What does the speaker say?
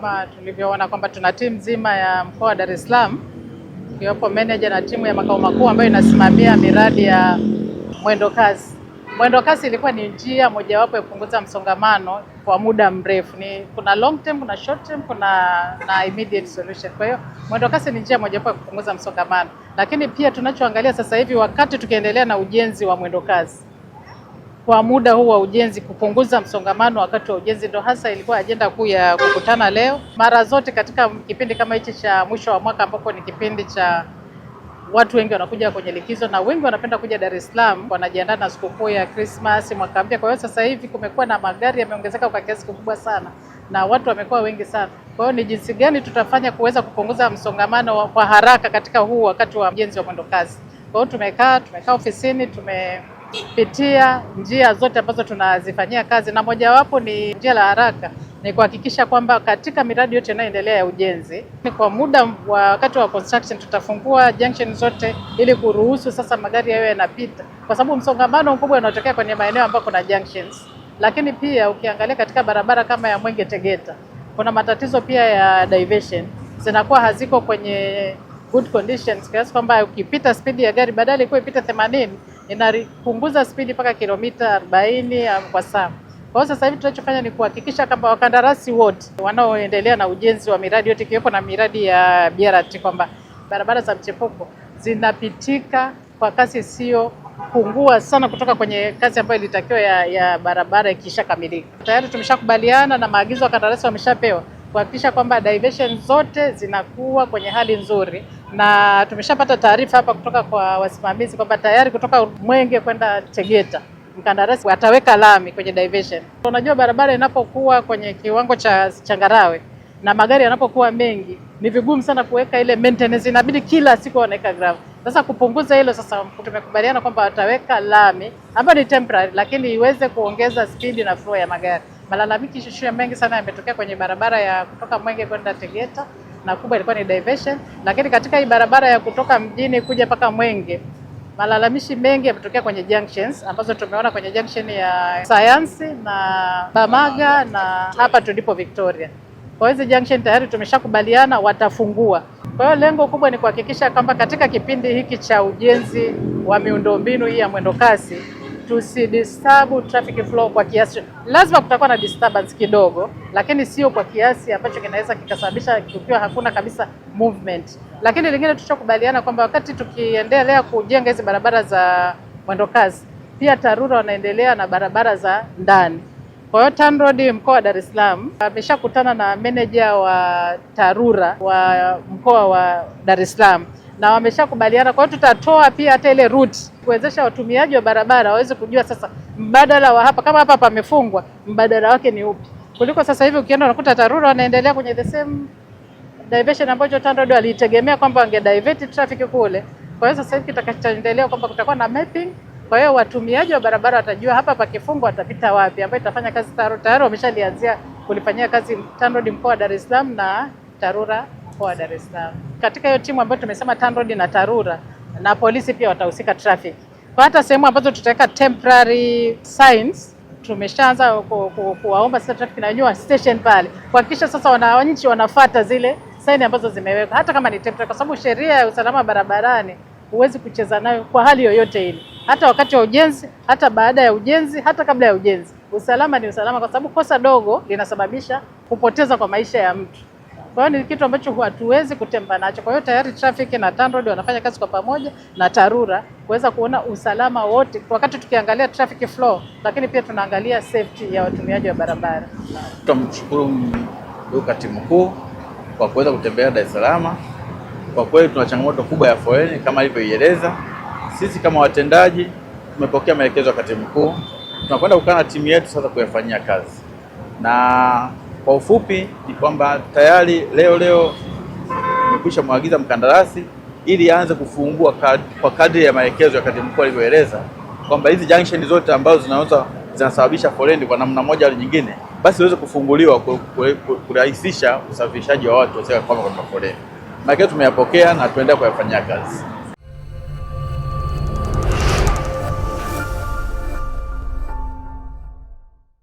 kama tulivyoona kwamba tuna timu nzima ya mkoa wa Dar es Salaam ikiwepo meneja na timu ya makao makuu ambayo inasimamia miradi ya mwendo kasi. Mwendo kasi ilikuwa ni njia mojawapo ya kupunguza msongamano kwa muda mrefu. Ni kuna long term, kuna short term, kuna na immediate solution. Kwa hiyo mwendo kasi ni njia mojawapo ya kupunguza msongamano, lakini pia tunachoangalia sasa hivi, wakati tukiendelea na ujenzi wa mwendo kasi kwa muda huu wa ujenzi kupunguza msongamano wakati wa ujenzi, ndo hasa ilikuwa ajenda kuu ya kukutana leo. Mara zote katika kipindi kama hichi cha mwisho wa mwaka ambapo ni kipindi cha watu wengi wanakuja kwenye likizo na wengi wanapenda kuja Dar es Salaam, wanajiandaa na sikukuu ya Christmas, mwaka mpya. Kwa hiyo sasa hivi kumekuwa na magari yameongezeka kwa kiasi kikubwa sana na watu wamekuwa wengi sana. Kwa hiyo ni jinsi gani tutafanya kuweza kupunguza msongamano kwa haraka katika huu wakati wa ujenzi wa mwendo Kwa hiyo tumekaa tumekaa ofisini tume kupitia njia zote ambazo tunazifanyia kazi, na mojawapo ni njia la haraka ni kuhakikisha kwamba katika miradi yote inayoendelea ya ujenzi ni kwa muda wa wakati wa construction, tutafungua junction zote ili kuruhusu sasa magari yayo yanapita, kwa sababu msongamano mkubwa unaotokea kwenye maeneo ambayo kuna junctions. Lakini pia ukiangalia katika barabara kama ya Mwenge Tegeta, kuna matatizo pia ya diversion, zinakuwa haziko kwenye good conditions, kiasi kwamba ukipita spidi ya gari badala ilikuwa ipita themanini inapunguza spidi mpaka kilomita 40 um, kwa saa. Kwa hiyo sasa hivi tunachofanya ni kuhakikisha kwamba wakandarasi wote wanaoendelea na ujenzi wa miradi yote ikiwepo na miradi ya BRT kwamba barabara za mchepuko zinapitika kwa kasi isiyopungua sana kutoka kwenye kazi ambayo ilitakiwa ya, ya barabara ikishakamilika. Tayari tumeshakubaliana na maagizo ya wakandarasi wameshapewa kuhakikisha kwamba diversion zote zinakuwa kwenye hali nzuri na tumeshapata taarifa hapa kutoka kwa wasimamizi kwamba tayari kutoka Mwenge kwenda Tegeta mkandarasi ataweka lami kwenye diversion. Unajua, barabara inapokuwa kwenye kiwango cha changarawe na magari yanapokuwa mengi, ni vigumu sana kuweka ile maintenance, inabidi kila siku wanaweka gravel. Sasa kupunguza hilo, sasa tumekubaliana kwamba wataweka lami ambayo ni temporary, lakini iweze kuongeza spidi na flow ya magari. Malalamiki mengi sana yametokea kwenye barabara ya kutoka Mwenge kwenda Tegeta na kubwa ilikuwa ni diversion. Lakini katika hii barabara ya kutoka mjini kuja mpaka Mwenge, malalamishi mengi yametokea kwenye junctions ambazo tumeona kwenye junction ya Sayansi na Bamaga na hapa tulipo Victoria. Kwa hizi junction tayari tumeshakubaliana watafungua. Kwa hiyo lengo kubwa ni kuhakikisha kwamba katika kipindi hiki cha ujenzi wa miundombinu hii ya mwendokasi tusidistabu traffic flow kwa kiasi. Lazima kutakuwa na disturbance kidogo, lakini sio kwa kiasi ambacho kinaweza kikasababisha kukiwa hakuna kabisa movement. Lakini lingine tulichokubaliana kwamba wakati tukiendelea kujenga hizi barabara za mwendokasi, pia TARURA wanaendelea na barabara za ndani. Kwa hiyo TANROADS mkoa wa Dar es Salaam ameshakutana na meneja wa TARURA wa mkoa wa Dar es Salaam na wameshakubaliana. Kwa hiyo tutatoa pia hata ile route kuwezesha watumiaji wa barabara waweze kujua sasa mbadala wa hapa, kama hapa pamefungwa, mbadala wake ni upi, kuliko sasa hivi ukienda unakuta TARURA wanaendelea kwenye the same diversion ambacho TANROADS walitegemea kwamba wange divert traffic kule. Kwa hiyo sasa hivi kitakachoendelea kwamba kutakuwa na mapping kwa hiyo watumiaji wa barabara watajua hapa pakifungwa watapita wapi, ambayo itafanya kazi TARURA. Tayari wameshalianzia kulifanyia kazi TANROADS mkoa wa Dar es Salaam na TARURA mkoa wa Dar es Salaam. Katika hiyo timu ambayo tumesema TANROADS na TARURA na polisi pia watahusika traffic. Kwa hata sehemu ambazo tutaweka temporary signs tumeshaanza ku, ku, kuwaomba sasa traffic na nyua station pale kuhakikisha sasa wananchi wanafuata zile saini ambazo zimewekwa, hata kama ni temporary, kwa sababu sheria ya usalama barabarani huwezi kucheza nayo kwa hali yoyote ile, hata wakati wa ujenzi, hata baada ya ujenzi, hata kabla ya ujenzi. Usalama ni usalama, kwa sababu kosa dogo linasababisha kupoteza kwa maisha ya mtu. Kwa hiyo ni kitu ambacho hatuwezi kutemba nacho. Kwa hiyo tayari traffic na TANROADS wanafanya kazi kwa pamoja na TARURA kuweza kuona usalama wote, wakati tukiangalia traffic flow, lakini pia tunaangalia safety ya watumiaji wa barabara. Tunamshukuru katibu mkuu kwa kuweza kutembea Dar es Salaam. Kwa kweli tuna changamoto kubwa ya foleni kama alivyoieleza. Sisi kama watendaji tumepokea maelekezo ya katibu mkuu, tunakwenda kukaa na timu yetu sasa kuyafanyia kazi na kwa ufupi ni kwamba tayari leo leo nimekwisha mwagiza mkandarasi ili aanze kufungua kad, kwa kadri ya maelekezo ya katibu mkuu alivyoeleza kwamba hizi junction zote ambazo zinaweza zinasababisha foleni kwa namna moja au nyingine, basi ziweze kufunguliwa kurahisisha usafirishaji wa watu wasikwama katika foleni. Maelekezo tumeyapokea na tuendelea kuyafanyia kazi.